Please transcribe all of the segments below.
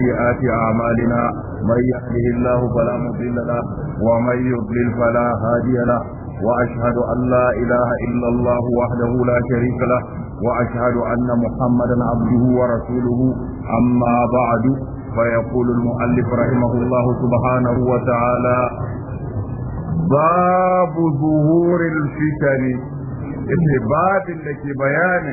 سيئات أعمالنا من يهده الله فلا مضل له ومن يضلل فلا هادي له وأشهد أن لا إله إلا الله وحده لا شريك له وأشهد أن محمدا عبده ورسوله أما بعد فيقول المؤلف رحمه الله سبحانه وتعالى باب ظهور الفتن إن إيه باب لك بيان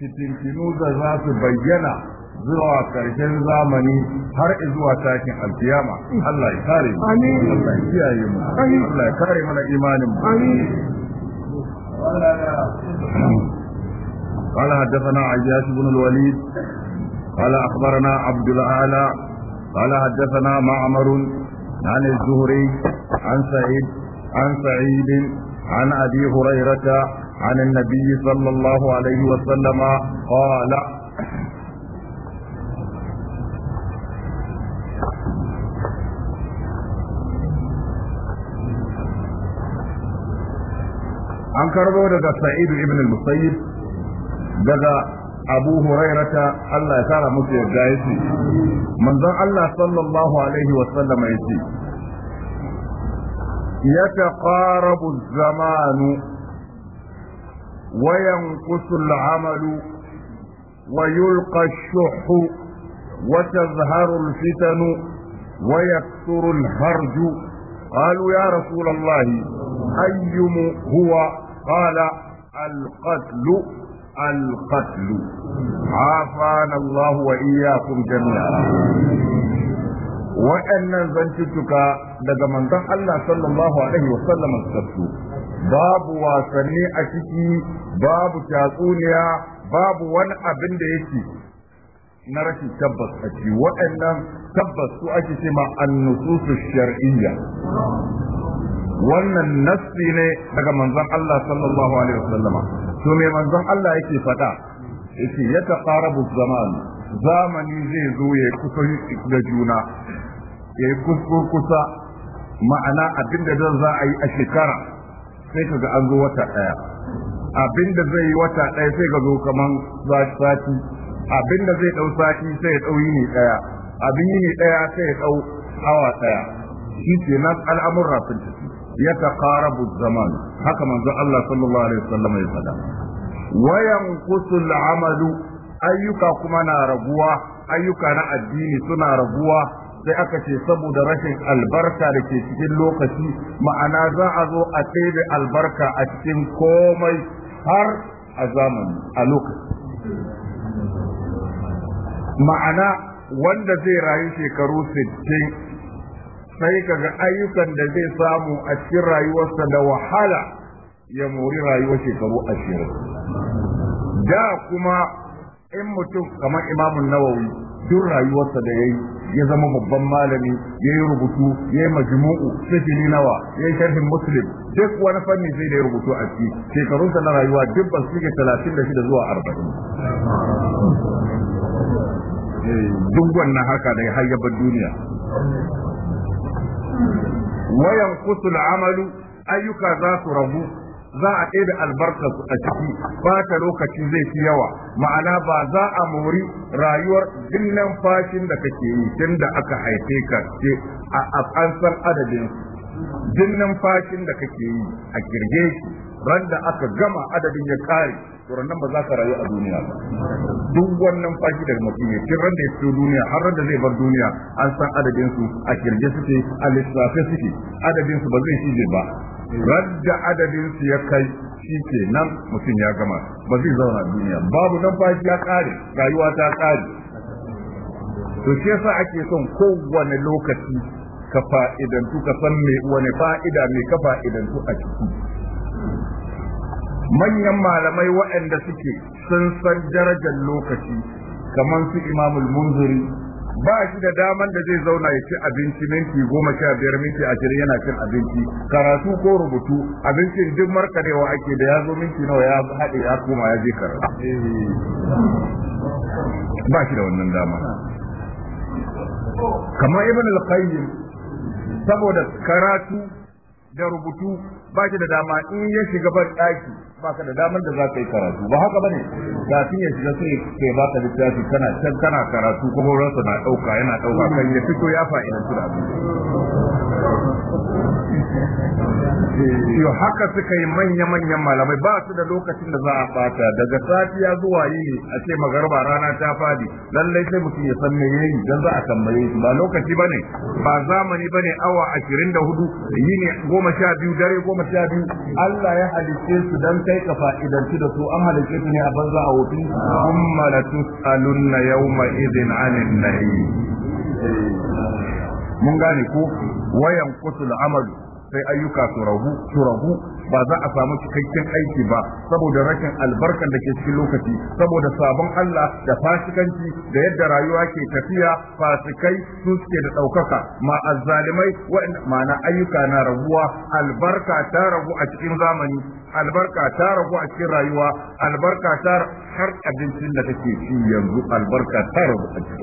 فتنتنوز ذات بينا zuwa ƙarshen zamani har zuwa takin alkiyama Allah ya kare mana imanin mu amin qala hadathana ayyash ibn al-walid qala akhbarana abd al-ala qala hadathana ma'mar عن الزهري عن سعيد عن سعيد عن ابي هريره عن النبي صلى الله عليه وسلم an karbo daga sa'id ibn al-musayyib daga abu hurairata Allah ya kara musu yadda yace manzon Allah sallallahu alaihi wa sallam yace يتقارب الزمان وينقص العمل ويلقى الشح وتظهر الفتن ويكثر الهرج قالوا يا رسول الله أيم هو قال القتل القتل عافانا الله وإياكم جميعا وأن زنتك daga manzon Allah sallallahu alaihi wa sallam babu wasanni a ciki babu tatsuniya babu wani abin da yake na rashin tabbas a ciki waɗannan tabbas su ake ce ma annususu shar'iyya wannan nassi ne daga manzon Allah sallallahu alaihi wasallama to me manzon Allah yake fada yake ya taqarabu zaman zamani zai zo ya kusa da juna ya kusa ma'ana abinda zan za a yi a shekara sai kaga an zo wata daya abinda zai yi wata daya sai ka zo kaman sati abinda zai dau sati sai ya dau yini daya abin yini daya sai ya dau awa daya shi kenan al'amuran sun tafi yataqarabu zaman haka manzo Allah sallallahu alaihi wasallam ya faɗa وينقص العمل ayyuka kuma na raguwa ayyuka na addini suna raguwa sai aka ce saboda rashin albarka da ke cikin lokaci ma'ana za a zo a tsebe albarka a cikin komai har a zamani a lokaci ma'ana wanda zai rayu shekaru sittin. sai kaga ayyukan da zai samu a cikin rayuwarsa da wahala ya mori rayuwar shekaru ashirin da kuma in mutum kamar imamun nawawi duk rayuwarsa da yayi ya zama babban malami ya yi rubutu ya yi majmu'u sifili nawa ya yi sharhin muslim duk wani fanni sai da ya rubutu a ciki shekarunsa na rayuwa duk ba su talatin da shida zuwa arba'in eh, duk wannan haka da ya bar duniya wayan kusul amalu ayyuka za su rabu za a ɗaya da albarkar su a ciki ba ta lokaci zai fi yawa ma'ana ba za a mori rayuwar dinnan fashin da kake yi tun da aka haife ka ce a an san adadin dinnan fashin da kake yi a kirge shi randa aka gama adadin ya kare to nan ba za ka rayu a duniya ba duk wannan fashi da mutum ya ran da ya fito duniya har ran da zai bar duniya an san adadin su a kirge suke a lissafe suke adadin su ba zai shi ba ran adadin su ya kai shi ke nan mutum ya gama ba zai zauna a duniya babu nan fashi ya kare rayuwa ta kare to shi yasa ake son kowane lokaci ka fa'idantu ka san me wani fa'ida me ka fa'idantu a ciki manyan malamai waɗanda suke sun san darajar lokaci kamar su imamul munziri ba shi da daman da zai zauna ya ci abinci minti goma sha biyar minti ashirin yana cin abinci karatu ko rubutu abinci duk markadewa ake da ya zo minti nawa ya haɗe ya koma ya je karatu ba shi da wannan dama kamar ibn al-qayyim saboda karatu da rubutu ba shi da dama in ya shiga ban ɗaki baka da damar da za ka yi karatu ba haka ba bane kafin ya shiga sai ke baka littafi kana can kana karatu kuma ransa na ɗauka yana dauka kan ya fito ya fa'idantu da abin yo haka suka yi manya-manyan malamai ba su da lokacin da za a bata daga safiya zuwa yini a ce magarba rana ta fadi lallai sai mutum ya san me yayi dan za a tambaye shi ba lokaci bane ba zamani bane awa 24 yini 12 dare 12 Allah ya halice su dan kai ka fa'idanci da su an halice su ne a banza a wofi amma la tusalunna yawma idin 'anil nahi mun gane ko wayan kutul amalu sai ayyuka su ragu su ragu ba za a samu cikakken aiki ba saboda rashin albarkan da ke cikin lokaci saboda sabon Allah da fasikanci da yadda rayuwa ke tafiya fasikai su suke da ɗaukaka ma azzalimai ma'ana ayyuka na raguwa albarka ta ragu a cikin zamani albarka ta ragu a cikin rayuwa albarka ta har abincin da take ci yanzu albarka ta ragu a cikin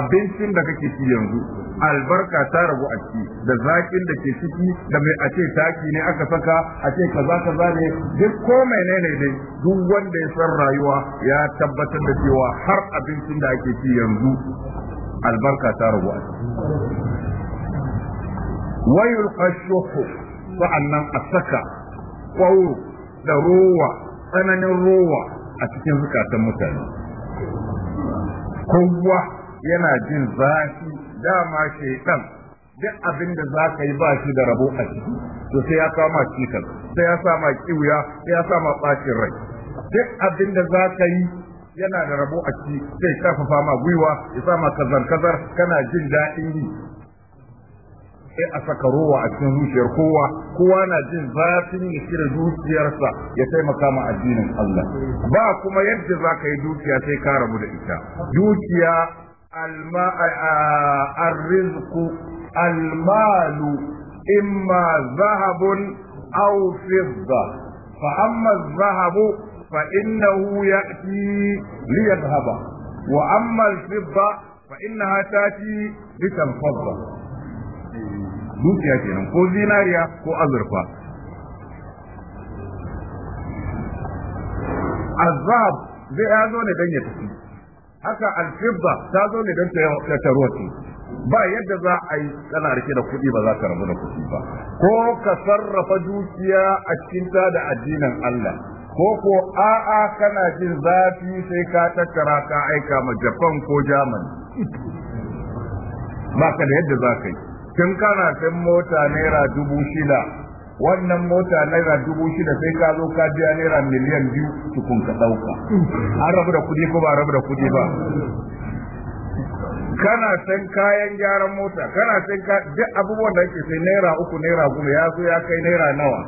abincin da kake ci yanzu albarka ta rabu a ciki da zakin da ke ciki da mai a ce taki ne aka saka a ce kaza kaza ne duk ko menene dai duk wanda ya san rayuwa ya tabbatar da cewa har abincin da ake ci yanzu albarka ta rabu a ciki wayul qashuhu sa'annan a saka kwauro da rowa tsananin rowa a cikin zukatan mutane kowa yana jin zafi dama shaitan duk abin da za ka yi ba shi da rabo a ciki to sai ya sama cikas sai ya sama kiwuya sai ya sama bacin rai duk abin da za ka yi yana da rabo a ciki sai karfafa ma gwiwa ya sama kazar-kazar kana jin daɗin yi sai a saka rowa a cikin zuciyar kowa kowa na jin zafin ya cire zuciyarsa ya taimaka ma addinin Allah ba kuma yadda za ka yi dukiya sai ka rabu da ita dukiya الماء الرزق المال إما ذهب أو فضة فأما الذهب فإنه يأتي ليذهب وأما الفضة فإنها تأتي لتنفض dukiya kenan ko zinariya ko azurfa azab زي ya zo haka alfibba ta zo ne don ta tarwati ba yadda za a yi kana rike da kuɗi ba za ka rabu da kuɗi ba ko ka sarrafa dukiya a cikin ta da addinin Allah ko ko a'a kana jin zafi sai ka tattara ka aika ma Japan ko Germany ba ka da yadda za ka yi kin kana kan mota naira dubu shida wannan mota naira dubu shida sai ka zo ka biya naira miliyan biyu tukun ka ɗauka an rabu da kuɗi ko ba rabu da kuɗi ba kana san kayan gyaran mota kana san duk abubuwan da ake sai naira uku naira goma ya zo ya kai naira nawa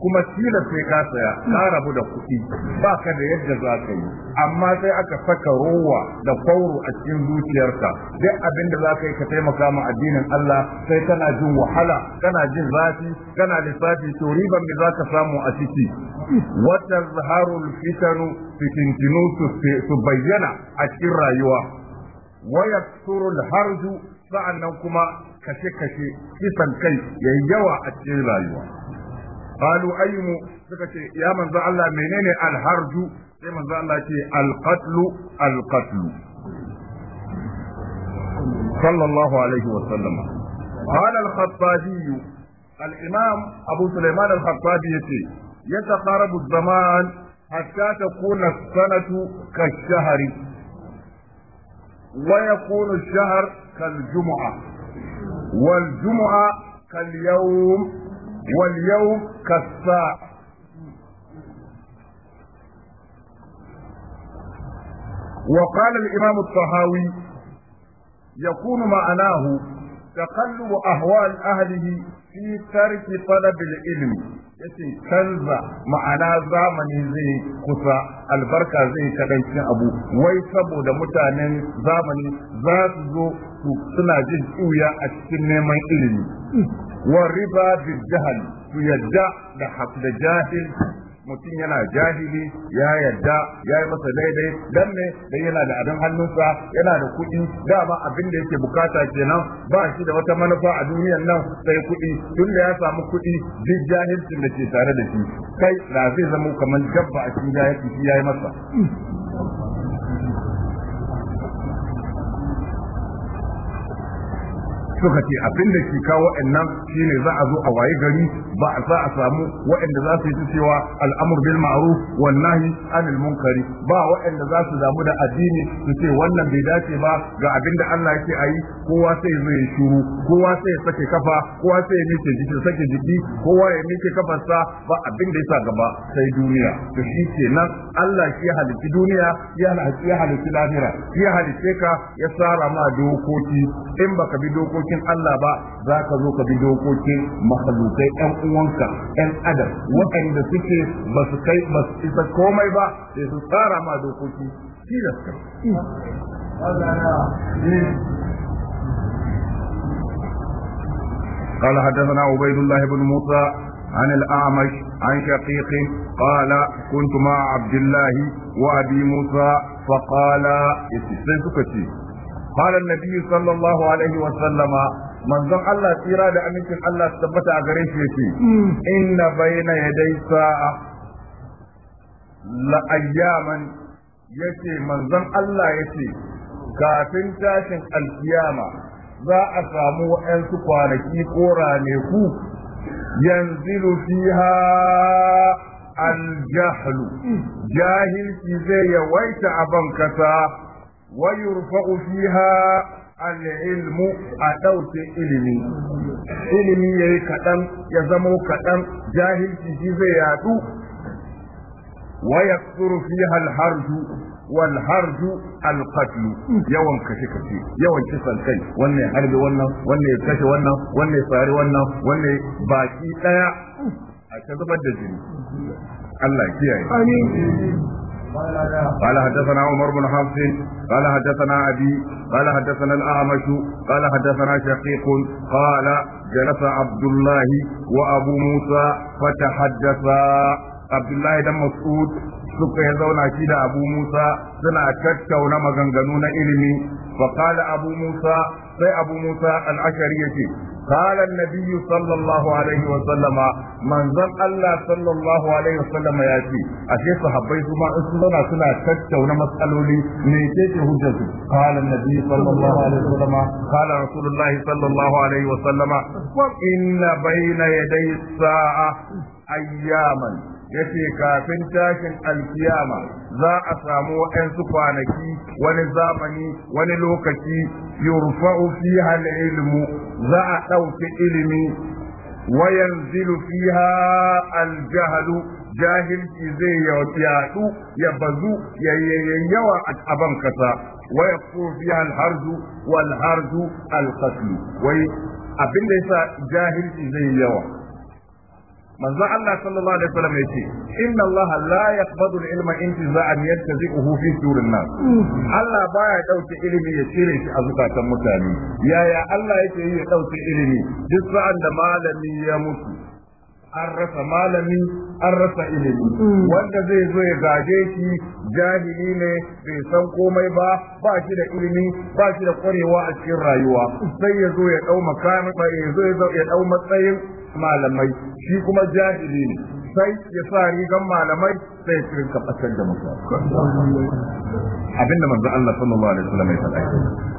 kuma tilas sai ka saya ka rabu da kuɗi ba ka da yadda za ka yi amma sai aka saka rowa da kwauro a cikin zuciyarka duk abin da za ka yi ka taimaka ma addinin Allah sai kana jin wahala kana jin zafi kana lissafi to riban da za ka samu a ciki wata zaharul fitanu fitintinu su bayyana a cikin rayuwa waya surul harju sa'annan kuma kashe-kashe kisan kai yayi yawa a cikin rayuwa قالوا أي سكتي يا من ذا الله منين الهرج يا من ذا الله القتل القتل صلى الله عليه وسلم قال الخطابي الإمام أبو سليمان الخطابي يتقارب الزمان حتى تكون السنة كالشهر ويكون الشهر كالجمعة والجمعة كاليوم wal yawm kasa وقال الإمام الطهاوي يكون معناه تقلب أهوال أهله في ترك طلب العلم yace canza ma'ana zamani zai kusa albarka zai kadan abu wai saboda mutanen zamani za su zo suna jin tsuya a cikin neman ilimi wa riba bil jahal su yadda da jahil mutum yana jahili ya yarda ya yi masa daidai dan ne dan yana da abin hannunsa yana da kuɗi dama abin da yake bukata kenan ba shi da wata manufa a duniyan nan sai kuɗi tun da ya samu kuɗi duk jahilcin da ke tare da shi kai na zai zama kamar dabba a cikin jahilci ya yi masa suka ce abin da ke kawo wa'annan shine za a zo a waye gari ba a za a samu waɗanda za su yi cewa al'amur bil ma'ruf wan nahi anil munkari ba waɗanda za su damu da addini su ce wannan bai dace ba ga abin da Allah yake ayi kowa sai zai yi kowa sai ya sake kafa kowa sai ya miƙe jiki sake jiki kowa ya miƙe kafarsa ba abin da yasa gaba sai duniya to shi kenan Allah shi ya halitta duniya ya halitta lahira shi ya halitta ka ya tsara ma dokoki in baka bi dokoki dokokin Allah ba za ka zo ka bi dokokin makhlukai ɗan uwanka ɗan adam waɗanda suke ba su kai ba su isa komai ba sai su tsara ma dokoki shi da suka قال حدثنا عبيد الله بن موسى عن الأعمش عن شقيق قال كنت مع عبد الله وأبي موسى فقال سيسكتي قال النبي صلى الله عليه وسلم من زم الله تيرا دا أمين الله ثبت أغريش يتي إن بين يدي ساعة لأياما يتي من زم الله يتي كافن تاشن القيامة za a samu waɗansu kwanaki ko raneku yanzilu fiha aljahlu jahilci zai yawaita a ban kasa ويرفع فيها العلم أدوت إلمي إلمي يي كتم يزمو كتم جاهل تجيزياتو ويكثر فيها الحرج والحرج القتل يوم كشي كشي يوم كسل كي وانا حرب وانا وانا كشي وانا وانا فاري وانا وانا باكي لا أشهد بدجني الله يكيه قال حدثنا عمر بن حفص قال حدثنا أبي قال حدثنا الأعمش قال حدثنا شقيق قال جلس عبد الله وأبو موسى فتحدثا abdullahi dan mas'ud suka ya zauna shi da abu musa suna tattauna maganganu na ilimi fa qala abu musa sai abu musa al-ashari yace qala an sallallahu alaihi wa sallama manzon allah sallallahu alaihi wa sallama yace ashe sahabbai su ma sun zauna suna tattauna matsaloli ne ce ce hujjatu qala an sallallahu alaihi wa sallama qala rasulullahi sallallahu alaihi wa sallama inna baina ya as-sa'a ayyaman yace kafin tashin alkiyama za a samu 'yansu kwanaki wani zamani wani lokaci yurfa'u fiha ilimu, za a ɗauki ilimi وينزل فيها aljahalu, jahilci zai yaɗu ya bazu ya yawa a ban kasa wa ya alharzu wal harzu wai abin da yasa jahilci zai yawa manzo Allah sallallahu alaihi wasallam yace inna Allah la yaqbadu al-ilma intiza'an yattazi'uhu fi surin nas Allah baya dauke ilimi ya cire shi a zukatan mutane yaya Allah yake yi ya dauke ilimi duk sa'an da malami ya mutu an rasa malami an rasa ilimi wanda zai zo ya gaje shi jahili ne bai san komai ba ba shi da ilimi ba shi da kwarewa a cikin rayuwa sai ya zo ya dau makami ya zo ya dau matsayin malamai shi kuma jahili ne sai ya sa rigan malamai sai ya rinka fatar da mutane abinda manzo Allah sallallahu alaihi wasallam ya faɗa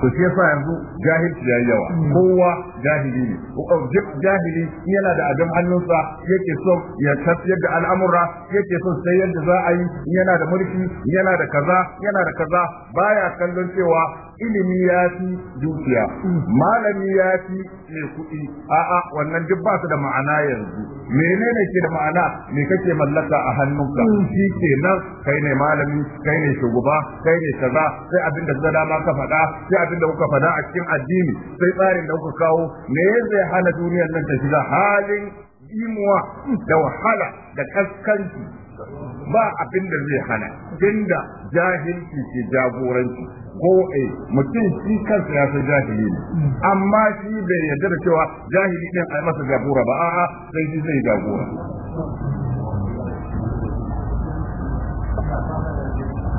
to shi yasa yanzu jahilci yayi yawa kowa jahili ne oh, duk jahili yana da abin hannunsa yake son ya tafiyar da al'amura yake son sai yadda za a yi yana da mulki yana da kaza yana da kaza baya kallon cewa ilimi ya fi dukiya malami ya fi mai kuɗi a'a wannan duk ba su da ma'ana yanzu menene ke da ma'ana me kake mallaka a hannunka mm. shi ke nan kai ne malami kai ne shugaba kai ne kaza sai abin da zada ma ka faɗa sai abin da kuka faɗa a cikin addini sai tsarin da kuka kawo me zai hana duniyar nan ta shiga halin imuwa da wahala da kaskanci ba abin da zai hana tunda jahilci ke jagoranci ko eh mutum shi kansa ya san jahili ne amma shi bai yarda da cewa jahili din ai masa jagora ba a'a sai shi zai jagora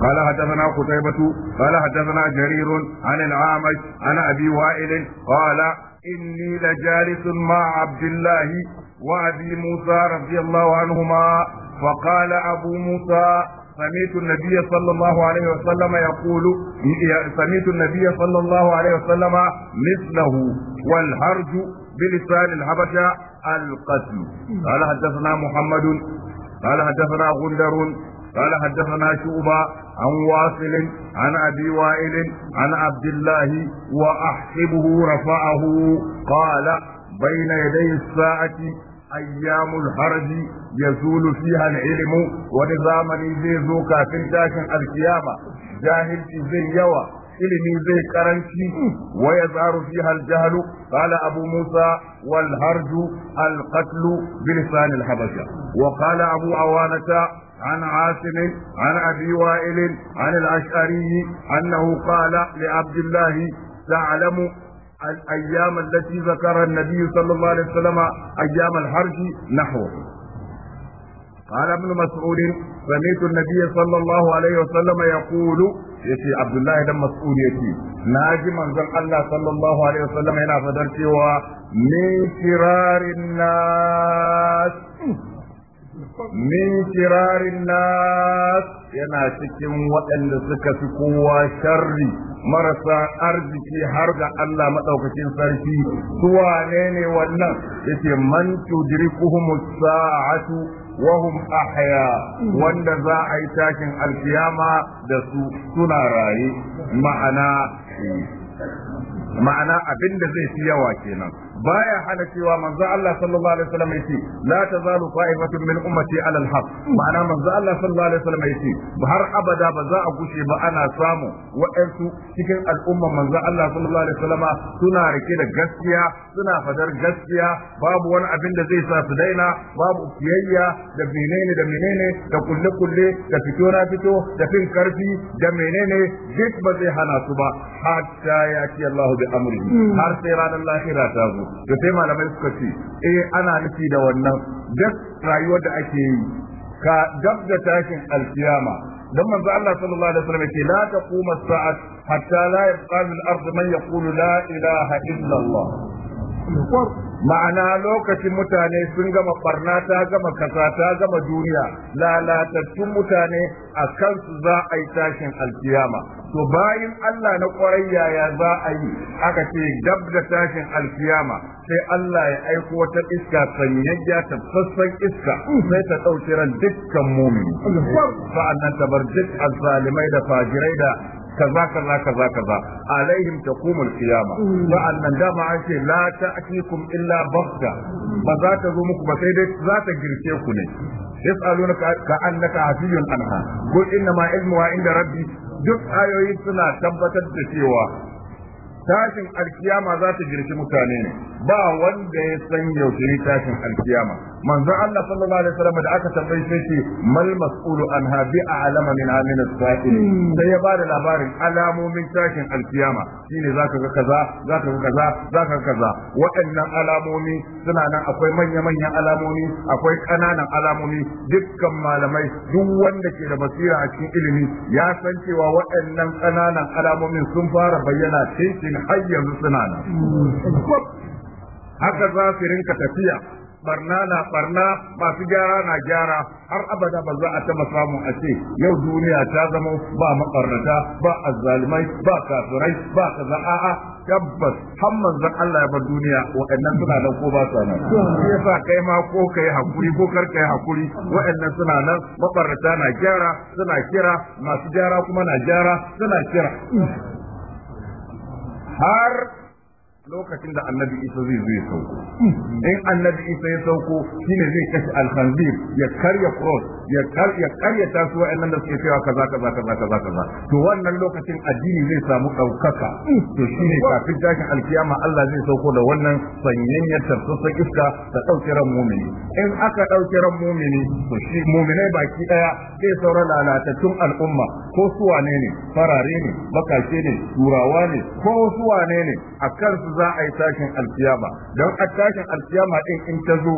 قال حدثنا قتيبة قال حدثنا جرير عن العامش عن أبي وائل قال إني لجالس مع عبد الله وأبي موسى رضي الله عنهما فقال أبو موسى سمعت النبي صلى الله عليه وسلم يقول سمعت النبي صلى الله عليه وسلم مثله والهرج بلسان الحبشة القتل قال حدثنا محمد قال حدثنا غندر قال حدثنا شعبة عن واصل عن أبي وائل عن عبد الله وأحسبه رفعه قال بين يدي الساعة أيام الهرج يزول فيها العلم ونظام زي زوكا في داكن القيامة جاهل زي يوى علم زي كرنشي ويظهر فيها الجهل قال أبو موسى والهرج القتل بلسان الحبشة وقال أبو عوانة عن عاصم عن أبي وائل عن الأشعري أنه قال لعبد الله تعلم الأيام التي ذكر النبي صلى الله عليه وسلم أيام الحرج نحوه قال ابن مسعود سمعت النبي صلى الله عليه وسلم يقول يتي عبد الله بن مسعود يتي ناجي منزل الله صلى الله عليه وسلم هنا فدرتي من شرار الناس min kirarin nas yana cikin waɗanda suka fi kowa sharri marasa arziki har ga Allah madaukakin sarki su wanene ne wannan yace man tudrikuhum sa'atu wa hum ahya wanda za a yi tashin alkiyama da su suna raye ma'ana ma'ana abinda zai fi yawa kenan baya hana cewa manzo Allah sallallahu alaihi wasallam yace la tazalu qa'imatun min ummati ala al-haq ma'ana manzo Allah sallallahu alaihi wasallam yace har abada ba za a gushe ba ana samu wa'ansu cikin al'umma manzo Allah sallallahu alaihi wasallam suna rike da gaskiya suna fadar gaskiya babu wani abin da zai sa su daina babu kiyayya da menene da menene da kulle kulle da fito na fito da fin karfi da menene duk ba zai hana su ba hatta ya ci Allah bi amri hmm. har sai ranar lahira ta zo da sai malamai suka ce eh ana nufi da wannan duk rayuwar da ake yi ka dab da tashin alkiyama dan manzo Allah sallallahu alaihi wasallam ce la taquma as-sa'at hatta la yabqa min al-ard man yaqulu la ilaha illa Allah ma'ana lokacin mutane sun gama barna ta gama kasa ta gama duniya lalatattun mutane a kansu za a yi tashin alkiyama to bayan Allah na kwarai yaya za a yi aka ce dab da tashin alkiyama sai Allah ya aiko wata iska sanyayya ta sassan iska sai ta ɗauki ran dukkan mumini sa'annan ta bar duk azzalimai da fajirai da kaza kaza kaza kaza alaihim taqumul qiyama wa mm. annan dama an ce la ta'tikum illa baghta ba za ta zo muku ba sai dai za ta girce ku ne yas'alunaka ka annaka hafiyun anha qul inna ma ilmu wa inda rabbi duk ayoyi suna tabbatar da cewa tashin alkiyama za ta girki mutane ne ba wanda ya san yaushe ne tashin alkiyama manzon Allah sallallahu alaihi wasallam da aka tambaye shi ce mal mas'ulu an habi a'lama min amin as-sa'il sai ya bada labarin alamomin tashin alkiyama shine zaka ga kaza zaka ga kaza zaka ga kaza waɗannan alamomi suna nan akwai manya-manyan alamomi akwai ƙananan alamomi dukkan malamai duk wanda ke da basira a cikin ilimi ya san cewa waɗannan ƙananan alamomin sun fara bayyana cikin din yanzu suna nan haka za su rinka tafiya barna na barna masu gyara na gyara har abada ba za a taba samu a ce yau duniya ta zama ba makarnata ba azzalimai ba kafirai ba kaza a'a tabbas har manzon Allah ya bar duniya waɗannan suna nan ko ba sa nan yasa kai ma ko kai hakuri ko kar kai hakuri waɗannan suna nan makarnata na gyara suna kira masu gyara kuma na gyara suna kira har lokacin da annabi isa zai zai sauko in annabi isa ya sauko shine zai kashe alhanzir ya karya cross ya karya karya tasu wa'annan da suke cewa kaza kaza kaza kaza kaza to wannan lokacin addini zai samu daukaka to shine kafin tashin alkiyama Allah zai sauko da wannan sanyayyar tafsassan iska da dauke ran mumini in aka dauke ran mumini to shi muminai baki daya zai sauran lalatattun al'umma ko su wane ne farare ne bakashe ne turawa ne ko su wane ne akan su za a yi tashin alkiyama don a tashin alkiyama din in ta zo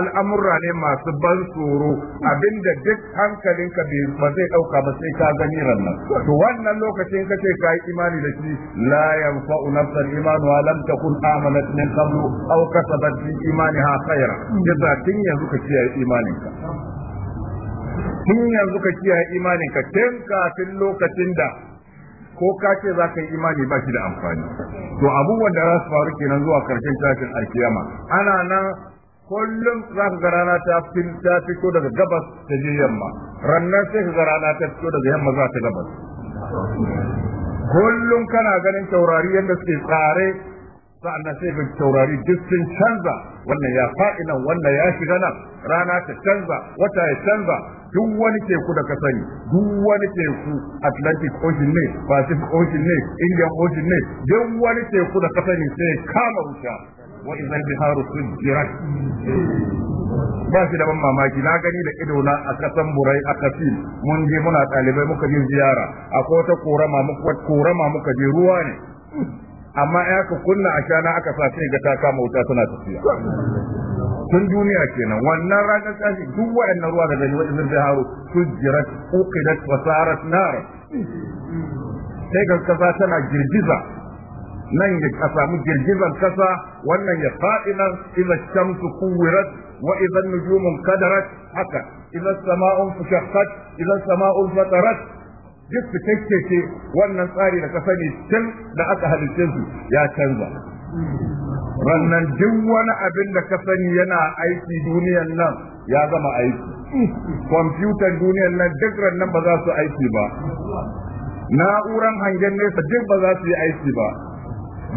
al'amurra ne masu ban tsoro abinda duk hankalinka ba zai dauka ba sai ka gani rannan to wannan lokacin ka ka yi imani da shi la yanfa'u nafsan imanu wa lam takun amanat min qablu aw kasabat fi imaniha khayra yadda tun yanzu ka kiyaye imaninka tun yanzu ka kiyaye imaninka tun kafin lokacin da ko ka ce za ka yi imani ba shi da amfani to abubuwan da za su faru kenan zuwa karshen tashin alkiyama ana nan kullum za ka garana rana ta fi fito daga gabas ta je yamma rannan sai ka garana rana ta fito daga yamma za ta gabas kullum kana ganin taurari yadda suke tsare sa'annan sai ka taurari duk sun canza wannan ya nan, wannan ya shiga nan rana ta canza wata ya canza duk wani teku da ka sani duk wani teku Atlantic Ocean ne Pacific Ocean ne Indian Ocean ne duk wani teku da ka sani sai kama wuta wa idan biharu sujirat ba shi da ban mamaki na gani da ido na a kasan burai a kasin mun je muna ɗalibai muka je ziyara akwai wata korama muka korama muka je ruwa ne amma ya ka kunna a shana aka sa sai ga ta kama wuta tana tafiya tun duniya kenan wannan ranar tashi duk wa'annan ruwa da gani wajen zai haro sujirat uqidat wa sarat nar sai ga kasa tana girgiza nan ya ka samu girgizar kasa wannan ya fa'inan idza shamsu kuwirat wa idza nujumun qadarat haka idza sama'un fushaqqat idza sama'un fatarat duk su kakkece wannan tsari da ka sani tun da aka halittun su ya canza rannan duk wani abin da ka sani yana aiki duniyan nan ya zama aiki kwamfutan duniyan nan duk rannan ba za su aiki ba na'uran hangen nesa duk ba za su yi aiki ba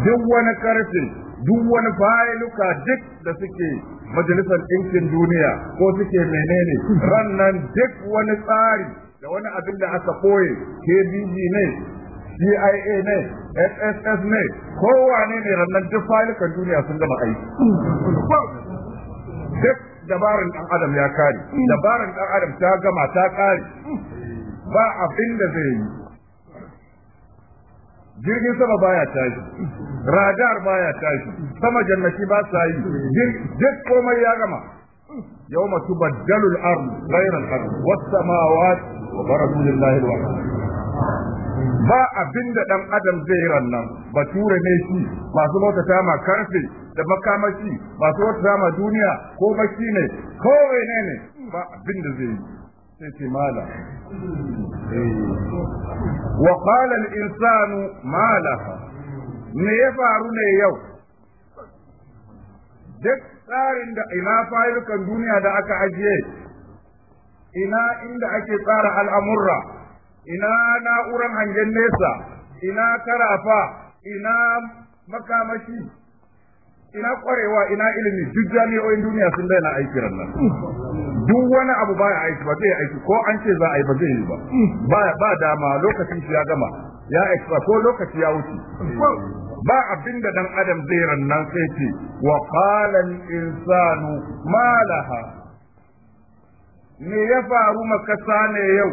duk wani karfe duk wani fayiluka duk da suke majalisar ɗinkin duniya ko suke menene rannan duk wani tsari da wani abin da aka koye KBG ne CIA ne SSS ne kowane ne rannan duk falikan duniya sun gama aiki duk dabarin dan adam ya kare dabarin dan adam ta gama ta kare ba abin da zai yi jirgin sama baya tashi radar baya tashi sama jannati ba sa yi duk komai ya gama يوم تبدل الارض غير الأرض والسماوات وبرزوا لله الواحد ba abin da ɗan adam zai yi rannan ture ne shi masu ta ma karfe da makamashi masu ta ma duniya ko baki ne ko ne ne ba abin da zai yi sai ce mala wa qala al insanu mala me ya faru ne yau duk tsarin da ina fayilukan duniya da aka ajiye ina inda ake tsara al'amurra ina na'uran hangen nesa ina karafa ina makamashi ina kwarewa ina ilimi duk jami'o'in duniya sun daina aiki nan duk wani abu baya aiki ba zai aiki ko an ce za a yi ba zai yi ba ba dama lokacin shi ya gama ya aiki ko lokaci ya wuce ba abinda da dan adam zai rannan sai ce wa qala al insanu ma me ya faru maka sane yau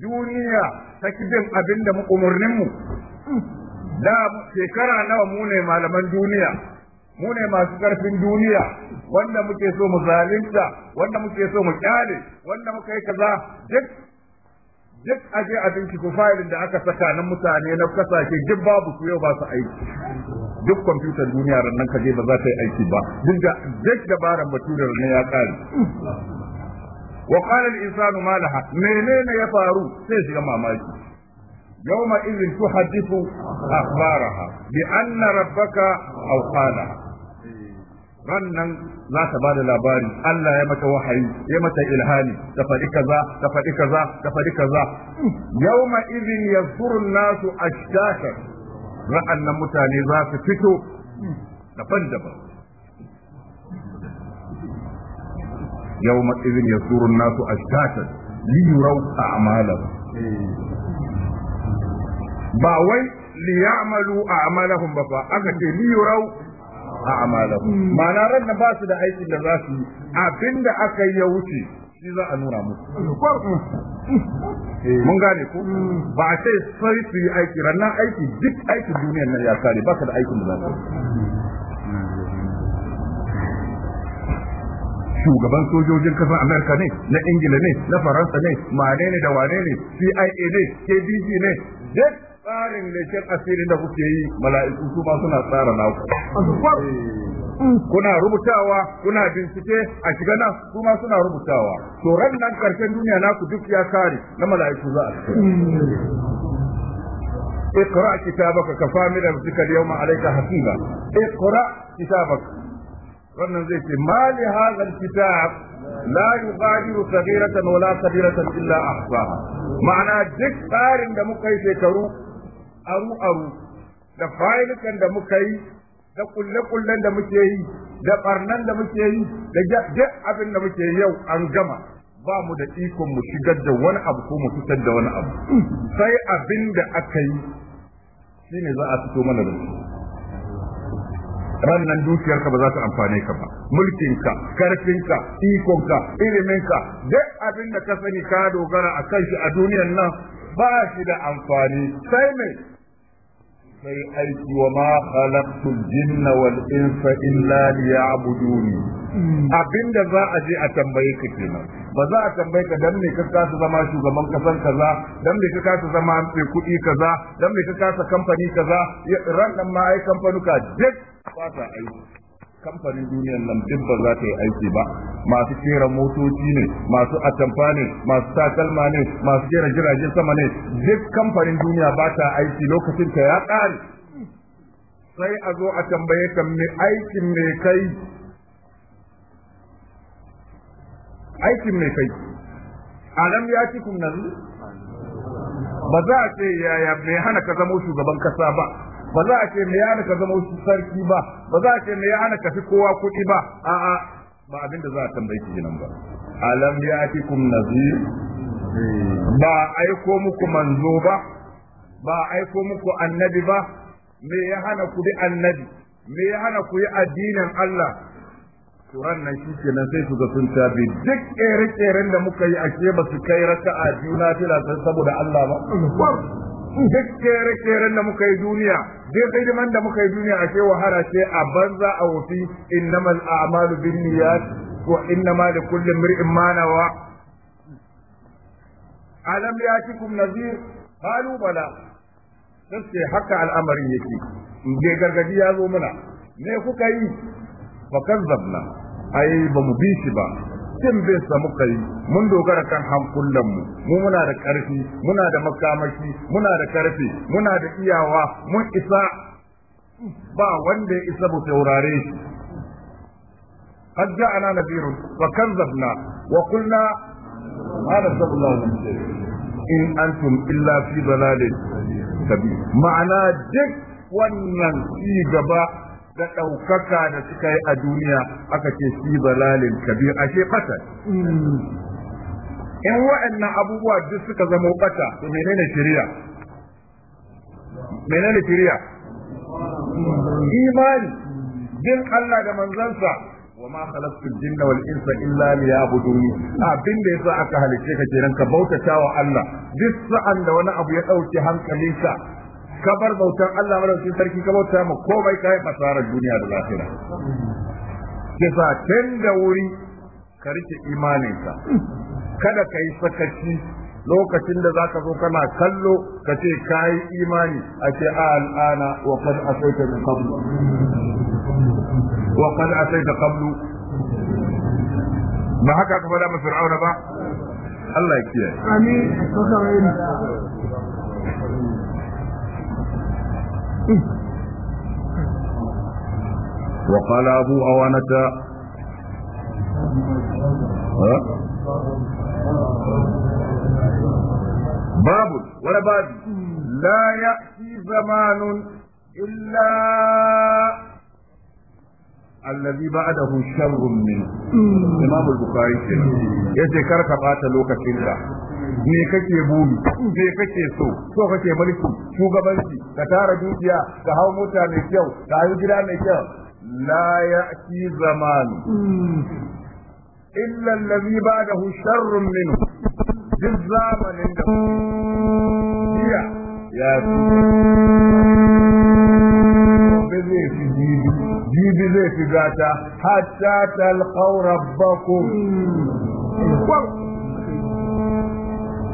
duniya ta bin abinda mu umurnin mu da shekara nawa mu ne malaman duniya mu ne masu karfin duniya wanda muke so mu zalunta wanda muke so mu kyale wanda muka yi kaza duk duk aje a ko fayilin da aka saka na mutane na kasashe duk babu su yau ba su aiki duk kwamfutar duniya nan kaje ba za ta yi aiki ba duk da duk dabaran baturar ne ya kare wa qala al insanu ma laha menene ya faru sai shiga mamaki yawma idhin tuhaddithu akhbaraha bi anna rabbaka aw qala rannan za ta bada labari Allah ya mata wahayi ya mata ilhami ta faɗi kaza ta faɗi kaza ta faɗi kaza yawma idhin yazkuru an-nasu ashtaka ra'annan mutane za su fito daban-daban yawma idhin yazkuru an-nasu ashtaka liyuraw a'malahum ba wai liya'malu a'malahum ba aka ce liyuraw a'malahum hmm. ma'ana ran da ba su da aikin da za su yi abinda aka yi ya wuce shi za a nuna musu hmm. mun gane ko hmm. ba a ce sai su yi aiki ranar aiki duk aikin duniyar nan ya kare ba ka da aikin da za su shugaban sojojin kasar Amerika ne na Ingila ne na Faransa ne ma ne da wane ne CIA ne KDG ne duk tsarin leken asirin da kuke yi mala'iku su ma suna tsara naku eh. kuna rubutawa kuna bincike a shiga nan su ma suna rubutawa to ran nan karshen duniya na ku duk ya kare na mala'iku za a اقرأ كتابك كفى من ربك اليوم عليك حسيبا اقرأ كتابك wannan zai ce mali hadha alkitab la yughadiru saghiratan wala kabiratan illa ahsaha ma'ana duk tsarin da muka yi shekaru aru aru da failikan da muka yi da kulle-kullen da muke yi da barnan da muke yi da duk abin da muke yi yau an gama ba mu da ikon mu shigar da wani abu ko mu fitar da wani abu sai abin da aka yi shine za a fito mana da nan rannan dukiyarka ba za ta amfane ka ba mulkinka karfinka ikonka ka, duk abin da ka sani ka dogara a kan shi a duniyan nan ba shi da amfani sai mai mai aiki wa ma khalaqtul jinna wal insa illa liya'budun hmm. abinda za a je a tambaye ka kenan ba za a tambaye ka dan me ka kasa zama shugaban kasar kaza dan me ka kasa zama mai kudi kaza dan me ka kasa kamfani kaza ran nan ma ai kamfanuka duk ba ta aiki kamfanin duniyan nan duk ba za ta yi aiki ba masu kera motoci ne masu atamfa ne masu takalma ne masu kera jiragen sama ne duk kamfanin duniya ba ta aiki lokacin ta ya ƙare sai a zo a tambaye ka me aikin me kai aikin me kai alam ya ci kun ba za a ce yaya me hana ka zamo shugaban kasa ba ba za a ce me ya hana ka zama sarki ba ba za a ce me ya hana ka fi kowa kuɗi ba a'a ba abin da za a tambaye ki nan ba alam ya ya'tikum nazir ba aiko muku manzo ba ba aiko muku annabi ba me ya hana ku bi annabi me ya hana ku yi addinin Allah turan nan shi kenan sai su ga sun tabi duk ƙere-ƙeren da muka yi ke ba su kai raka'a a juna fila saboda Allah ba duk kere-keren da muka yi duniya dai sai da muka yi duniya a ce wahala ce a banza a wofi innamal a'malu bin niyyat wa innama li kulli imrin ma nawa alam yatikum nazir qalu bala sai haka al'amarin yake je gargadi ya zo muna. me kuka yi fa kazzabna ai ba mu bi shi ba Mutum bai muka yi mun dogara kan hankulan mu mu muna da karfi muna da makamashi muna da karfi muna da iyawa mun isa ba wanda ya isa bu taurare shi قد جاءنا نذير فكذبنا وقلنا ما نزل الله من شيء إن أنتم إلا في ضلال كبير Ma'ana duk wannan ci gaba da ɗaukaka da suka yi a duniya aka ce shi balalin kabir ashe fata in wa'annan abubuwa duk suka zama fata to menene shari'a menene shari'a imani bin Allah da manzansa wa ma khalaqtul jinna wal insa illa liya'buduni abin da yasa aka halice ka kenan ka bautata wa Allah duk sa'an da wani abu ya dauke hankalinka ka bar bautan Allah madaukakin sarki ka bauta ma komai kai fasarar duniya da lafiya kisa da wuri ka rike imaninka kada ka yi sakaci lokacin da za ka zo kana kallo ka ce ka yi imani a ce a al'ana wa kad asaita min qablu wa asaita qablu ba haka ka faɗa ma fir'auna ba Allah ya kiyaye amin إيه. وقال أبو أوانة باب ولا باب لا يأتي زمان إلا الذي بعده شر منه إمام البخاري يجي كرك لوكا لوكتين me kake buri me kake so so kake mulki shugabanci ka tara dukiya ka hau mota mai kyau ka yi gida mai kyau la ya'ti zaman illa allazi ba'dahu sharrun minhu duk zamanin da jiya ya fi zai fi jibi jibi zai fi gata hatta talqaw rabbakum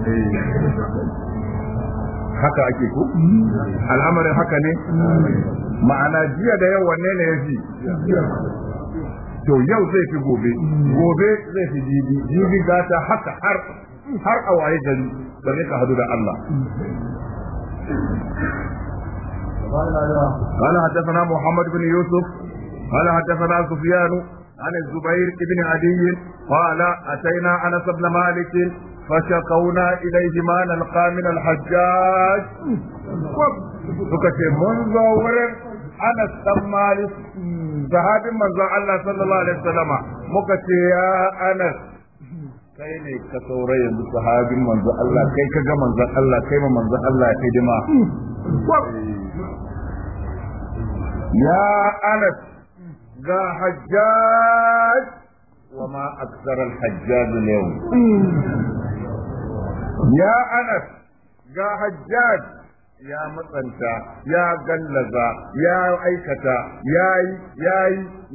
Eh. haka ake ko al'amarin haka ne ma'ana jiya da yau wanne ne yafi to yau zai fi gobe gobe zai fi jibi jibi ta haka har har a waye gari ba zai ka hadu da Allah قال حدثنا محمد بن يوسف قال حدثنا سفيان عن الزبير بن عدي قال أتينا أنس بن مالك فشقونا إليه ما نلقى من الحجاج سكتي منذ ورد أنا سمالي ذهب من الله صلى الله عليه وسلم مكتي يا أنس kai ne ka saura yanzu sahabin manzo Allah kai ka ga manzo Allah kai ma manzo Allah hidima ya Anas ga hajjaj wa ma aksara al-hajjaj al-yawm ya أنس ga hajjaj ya matsanta ya gallaza ya aikata ya yi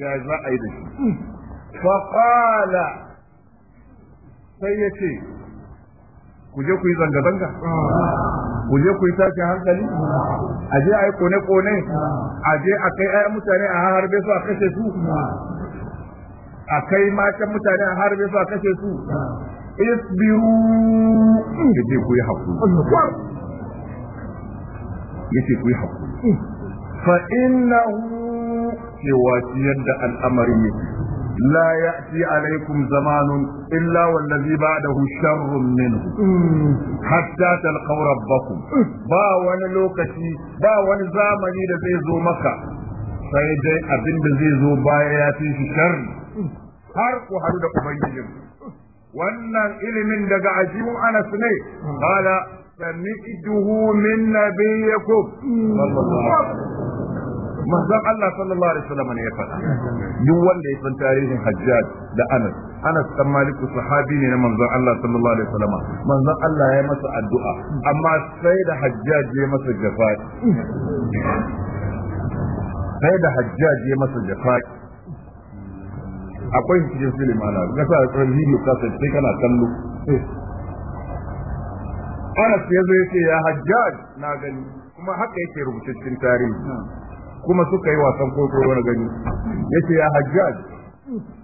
ya za a yi da shi sai ya ce ku je ku yi zanga-zanga ku je tashin hankali a je a yi kone-kone a je a kai mutane a harbe su a kashe su a kai matan mutane a harbe su a kashe su isbiru yace ku yi hakuri yace ku yi hakuri fa innahu cewa yadda al'amarin yake لا يأتي عليكم زمان إلا والذي ba'dahu sharrun minhu hmm. hatta talqaw rabbakum Ba wani lokaci ba wani zamani da zai zo maka sai dai abin da zai zo baya ya fi shi hmm. har ku haɗu da ubangijin wannan ilimin daga ajiyun anas ne kala sami'tuhu min nabiyyikum manzon Allah sallallahu alaihi wasallam ne ya faɗa duk wanda ya san tarihin Hajjaj da Anas Anas dan Malik sahabi ne na manzon Allah sallallahu alaihi wasallam manzon Allah ya masa addu'a amma sai da Hajjaj ya masa jafa'i sai da Hajjaj ya masa jafa'i akwai su cikin filin ana ga sa tsarin video kasance sai kana kallo yanzu ya ce ya Hajjaj na gani kuma haka yake rubuce cikin tarihi kuma suka yi wasan koko wani gani yace ya Hajjaj